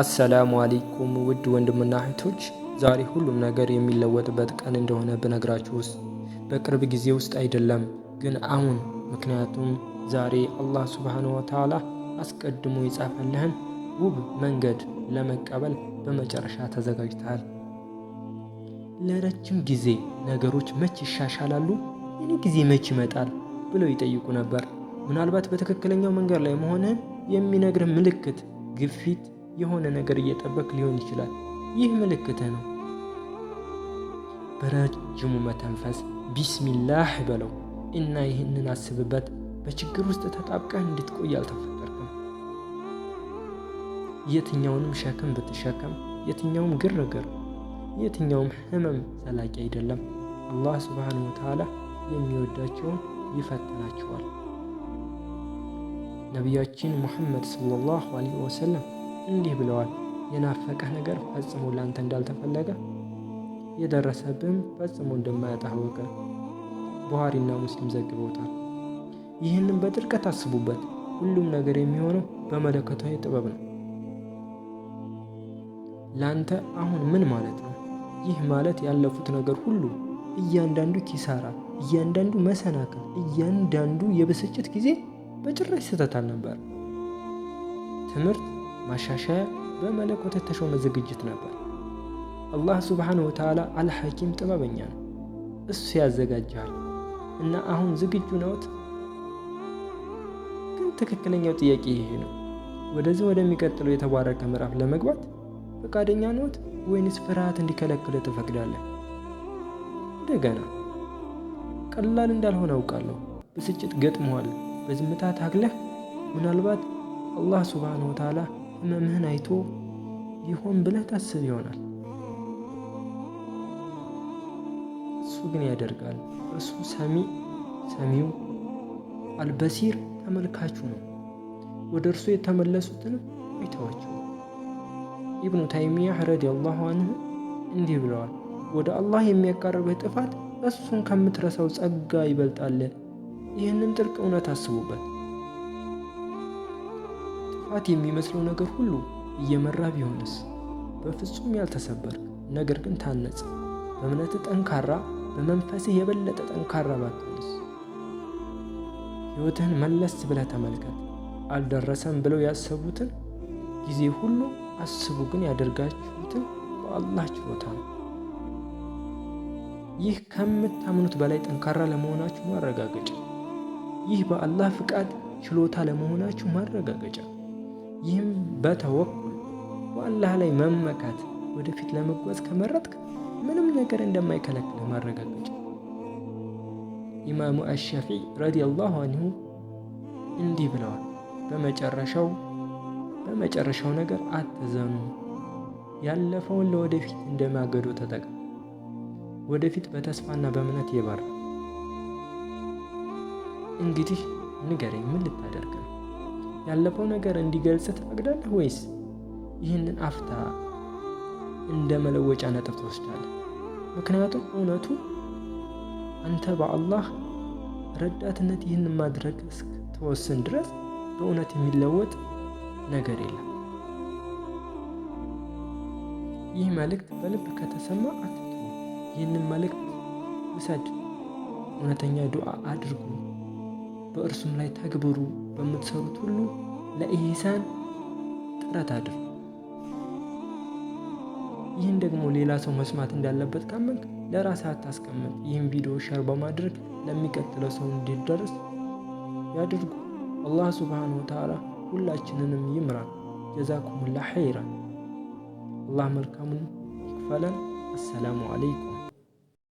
አሰላሙ አለይኩም ውድ ወንድምና እህቶች፣ ዛሬ ሁሉም ነገር የሚለወጥበት ቀን እንደሆነ ብነግራችሁ ውስጥ በቅርብ ጊዜ ውስጥ አይደለም ግን አሁን። ምክንያቱም ዛሬ አላህ ስብሓን ወተዓላ አስቀድሞ የጻፈልህን ውብ መንገድ ለመቀበል በመጨረሻ ተዘጋጅተሃል። ለረጅም ጊዜ ነገሮች መች ይሻሻላሉ፣ የኔ ጊዜ መች ይመጣል ብለው ይጠይቁ ነበር። ምናልባት በትክክለኛው መንገድ ላይ መሆንህን የሚነግርህ ምልክት ግፊት የሆነ ነገር እየጠበቅ ሊሆን ይችላል። ይህ ምልክት ነው። በረጅሙ መተንፈስ ቢስሚላህ በለው እና ይህንን አስብበት። በችግር ውስጥ ተጣብቀህ እንድትቆይ አልተፈጠርክም። የትኛውንም ሸክም ብትሸከም፣ የትኛውም ግርግር፣ የትኛውም ህመም ዘላቂ አይደለም። አላህ ስብሓነሁ ወተዓላ የሚወዳቸውን ይፈትናቸዋል። ነቢያችን ሙሐመድ ሰለላሁ ዐለይሂ ወሰለም እንዲህ ብለዋል፣ የናፈቀህ ነገር ፈጽሞ ላንተ እንዳልተፈለገ የደረሰብህም ፈጽሞ እንደማያጣህ ወቀ። ቡሃሪና ሙስሊም ዘግበውታል። ይህንን በጥልቀት አስቡበት። ሁሉም ነገር የሚሆነው በመለኮታዊ ጥበብ ነው። ላንተ አሁን ምን ማለት ነው? ይህ ማለት ያለፉት ነገር ሁሉ እያንዳንዱ ኪሳራ፣ እያንዳንዱ መሰናክል፣ እያንዳንዱ የብስጭት ጊዜ በጭራሽ ስህተት አልነበር። ትምህርት ማሻሻያ በመለኮት የተሾመ ዝግጅት ነበር። አላህ ሱብሓነሁ ወተዓላ አልሐኪም ጥበበኛ ነው። እሱ ያዘጋጃል እና አሁን ዝግጁ ነውት ግን ትክክለኛው ጥያቄ ይሄ ነው። ወደዚህ ወደሚቀጥለው የተባረከ ምዕራፍ ለመግባት ፈቃደኛ ነውት ወይንስ ፍርሃት እንዲከለክል ትፈቅዳለህ? እንደገና ቀላል እንዳልሆነ አውቃለሁ። ብስጭት ገጥመዋል። በዝምታ ታግለህ ምናልባት አላህ ሱብሓነሁ ወተዓላ ህመምህን አይቶ ይሆን ብለህ ታስብ ይሆናል። እሱ ግን ያደርጋል። እሱ ሰሚ ሰሚው አልበሲር ተመልካቹ ነው። ወደ እርሱ የተመለሱትን አይተዋቸው። ኢብኑ ታይሚያህ ረዲየላሁ አንሁ እንዲህ ብለዋል። ወደ አላህ የሚያቃርብህ ጥፋት እሱን ከምትረሳው ጸጋ ይበልጣል። ይህንን ጥልቅ እውነት አስቡበት። ጥፋት የሚመስለው ነገር ሁሉ እየመራ ቢሆንስ? በፍጹም ያልተሰበር ነገር ግን ታነጽ፣ በእምነትህ ጠንካራ፣ በመንፈስህ የበለጠ ጠንካራ ባትሆንስ? ሕይወትህን መለስ ብለህ ተመልከት። አልደረሰም ብለው ያሰቡትን ጊዜ ሁሉ አስቡ፣ ግን ያደርጋችሁትን በአላህ ችሎታ ነው። ይህ ከምታምኑት በላይ ጠንካራ ለመሆናችሁ ማረጋገጫ፣ ይህ በአላህ ፍቃድ ችሎታ ለመሆናችሁ ማረጋገጫ ይህም በተወኩል በአላህ ላይ መመካት ወደፊት ለመጓዝ ከመረጥክ ምንም ነገር እንደማይከለክል ማረጋገጫ። ኢማሙ አሻፊዒ ረዲየላሁ አንሁ እንዲህ ብለዋል፣ በመጨረሻው በመጨረሻው ነገር አትዘኑ፣ ያለፈውን ለወደፊት እንደማገዶ ተጠቀም፣ ወደፊት በተስፋና በእምነት ይባራ። እንግዲህ ንገረኝ ምን ልታደርግ ነው? ያለፈው ነገር እንዲገልጽ ትፈቅዳለህ ወይስ ይህንን አፍታ እንደ መለወጫ ነጥብ ትወስዳለህ? ምክንያቱም እውነቱ አንተ በአላህ ረዳትነት ይህንን ማድረግ እስክትወስን ድረስ በእውነት የሚለወጥ ነገር የለም። ይህ መልእክት በልብ ከተሰማ አትቶ ይህንን መልእክት ውሰድ፣ እውነተኛ ዱዓ አድርጉ፣ በእርሱም ላይ ተግብሩ። በምትሰሩት ሁሉ ለኢህሳን ጥረት አድርጉ። ይህን ደግሞ ሌላ ሰው መስማት እንዳለበት ካመንክ ለራስ አታስቀምጥ። ይህን ቪዲዮ ሸር በማድረግ ለሚቀጥለው ሰው እንዲደርስ ያድርጉ። አላህ ሱብሓነሁ ወተዓላ ሁላችንንም ይምራል። ጀዛኩሙላህ ኸይራን። አላህ መልካሙን ይክፈለን። አሰላሙ አለይኩም